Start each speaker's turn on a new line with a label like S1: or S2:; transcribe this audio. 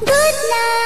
S1: Good night.